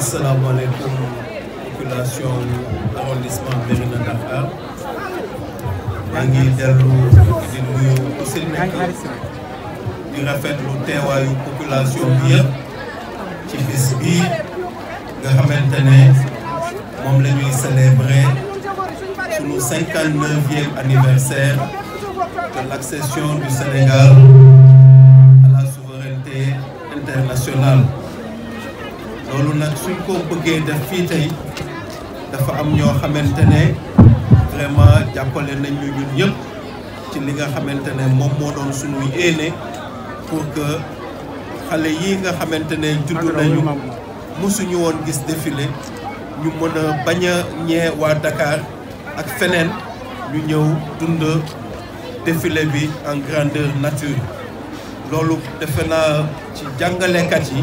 asalaamaaleykum population arrondissement de Dakhar maa ngi dellu di nuyu ku si nekk di à une population bi yëpp ci bis bi nga xamante ne moom Nous voulons célébrer le 59e anniversaire de l'accession du Sénégal à la souveraineté internationale. loolu nag suñ ko bëggee def fii tey dafa am ñoo xamante ne vraiment jàppale nañ ñu ñun ci li nga xamante ne moom moo doon suñuy yéene pour que xale yi nga xamante ne judd nañu mosuñu woon gis defile ñu mën a bañ a ñee waa dakaar ak feneen ñu ñëw dund defile bi en grandeur nature loolu defe naa ci jàngalekat yi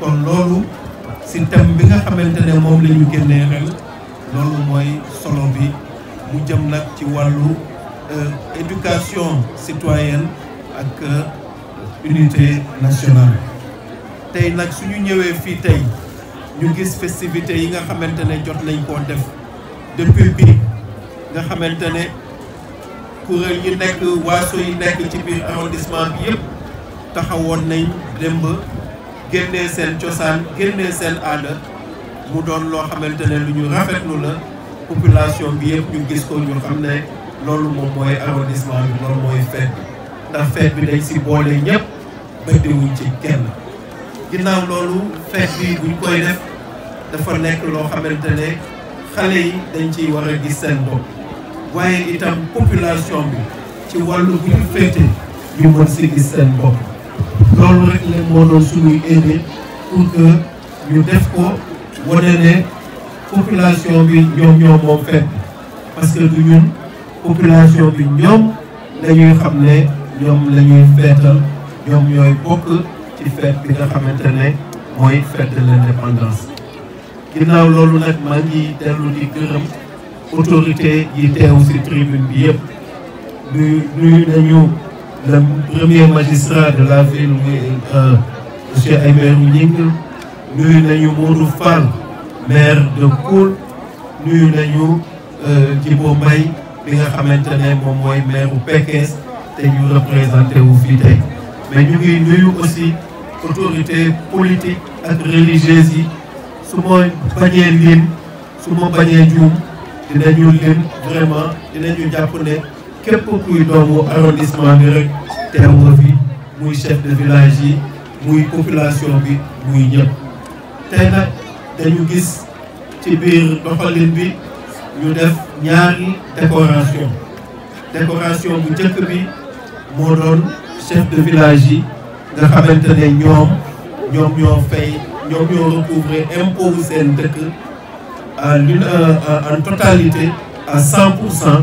kon loolu si thème bi nga xamante ne moom la ñu génnee loolu mooy solo bi mu jëm nag ci wàllu euh, éducation citoyenne ak euh, unité nationale. tey nag suñu ñëwee fii tey ñu gis festivités yi nga xamante ne jot lañ koo def depuis bi nga xamante ne kuréel yi nekk waaso yi nekk ci biir arrondissement bi yëpp taxawoon nañ démb. génnee seen cosaan génnee seen aada mu doon loo xamante ne lu ñu rafetlu la population bi yëpp ñu gis ko ñu xam ne loolu moom mooy arrondissement bi loolu mooy fête bi ndax fête bi dañ si boole ñëpp bëddiwuñ ci kenn ginnaaw loolu fête bi buñ koy def dafa nekk loo xamante ne xale yi dañ ciy war a gis seen bopp waaye itam population bi ci wàll bu ñu féete ñu mën si gis seen bopp loolu rek la moo doon suñuy aidé pour que ñu def ko wane ne population bi ñoom ñoom moom fekk parce que du ñun population bi ñoom dañuy xam ne ñoom la ñuy feetal ñoom ñooy bokk ci fête bi nga xamante ne mooy fête de l'indépendance ginnaaw loolu nag maa ngi dellu di gërëm autorité yi teew ci tribune bi yëpp nuyu nuyu nañu le premier magistrat de la ville M. Euh, monsieur Aymérou nous avons Fall maire de Koul nous avons qui Mbaye bi nga xamante ne maire de ñu représenté wu mais nous avons aussi autorité politique et religieuse su lim vraiment képp kuy doomu arrondissement bi rek muy chef de village yi muy population bi muy dañu gis ci biir doxalin bi ñu def ñaari décoration décoration bi doon chef de village yi nga xamante ñoom ñoom ñoo fay ñoom ñoo impôt à euh, en totalité à 100% pour cent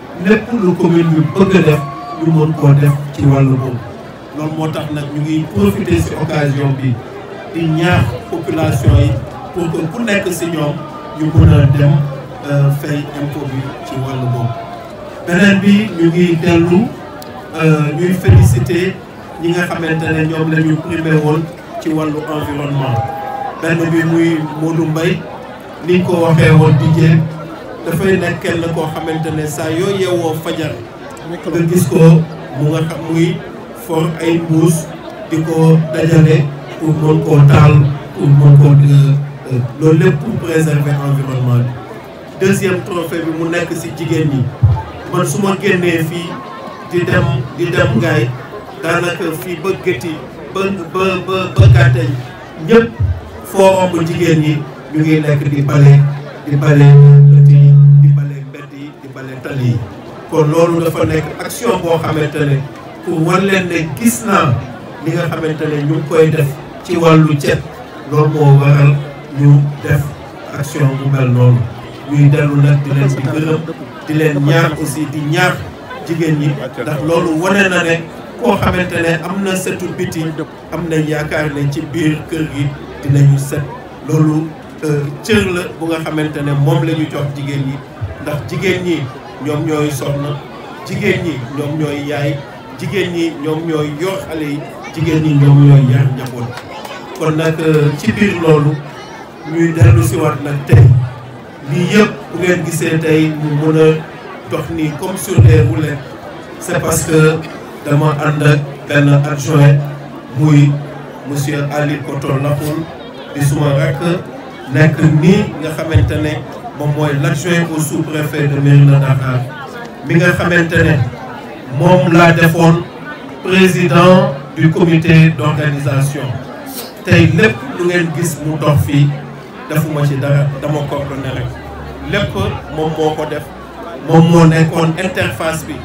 lépp lu commune bi bëgg a def ñu mën koo def ci wàllu boobu loolu moo tax nag ñu ngi profiter ci occasion bi di ñaax population yi pour que ku nekk ci ñoom ñu mën dem euh, fay impôt bi ci wàllu boobu beneen bi ñu ngi dellu euh, ñuy féliciter ñi nga xamante ne ñoom la ñu woon ci wàllu environnement benn bi muy Modou Mbaye ni ko waxee woon di jéem dafay nekk kenn koo xamante ne saa yoo yeewoo fajar nga gis ko mu nga xam muy for ay mbuus di ko dajale pour mën koo taal pour mën koo euh, loolu lépp pour préserver environnement bi deuxième trophée bi mu nekk ci jigéen ñi man su ma génnee fii di dem di dem ngaay daanaka fii ba gëti ba ba ba ba gàttañ ñëpp foo romb jigéen ñi ñu ngi nekk di bale di bale tali yi kon loolu dafa nekk action boo xamante ne pour wan leen ne gis naa li nga xamante ne ñu ngi koy def ci wàllu cet loolu moo waral ñu def action bu mel noonu ñuy dellu nag di leen di gërëm di leen ñaar aussi di ñaar jigéen ñi ndax loolu wane na ne koo xamante ne am na setu biti am na yaakaar ne ci biir kër gi dinañu set loolu euh, cër la bu nga xamante ne moom la ñu jox jigéen ñi ndax jigéen ñi ñom ñoy soxna jigen ñi ñom ñoy yaay jigen ñi ñom ñoy yor xale yi jigéen ñi ñom ñoy yar jabon kon nak euh, ci biir lolu ñuy dellu si waat nag tey lii yëpp bu ngeen gisee tay mu mën a dox nii comme sur les roulettes c'est parce que dama and ak ben adjoint muy monsieur Ali Koto Lafoun di suma rek nek ni nga xamantene moom mooy l'adjoint au sous-préfet de Mérina Dakhar mi nga xamantene mom la laa président du comité d'organisation tay lépp lu ngeen gis mu dox fi dafuma ci dara dama coordonné rek lépp mom moko def mom mo nekkoon interface bi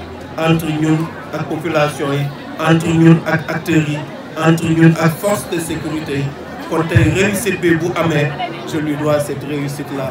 entre ñun ak population yi entre ñun ak acteurs yi entre ñun ak force de sécurité yi kon tey réussite bi bu amé je lui dois cette réussite là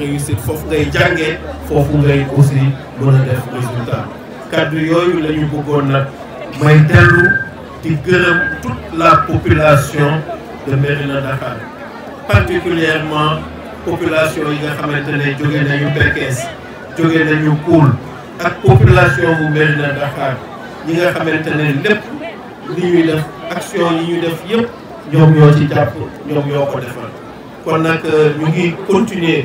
réussite foofu ngay jàngee foofu ngay aussi mën a def résultat kaddu yooyu la ñu bëggoon nag may dellu di gërëm toute la population de Mérina Dakar particulièrement population yi nga xamante ne jóge nañu Pekesse jóge nañu Koul ak population bu Mérina Dakar ñi nga xamante ne lépp li ñuy def action yi ñu def yëpp ñoom ñoo ci jàpp ñoom ñoo ko defal kon nag euh, ñu ngi continuer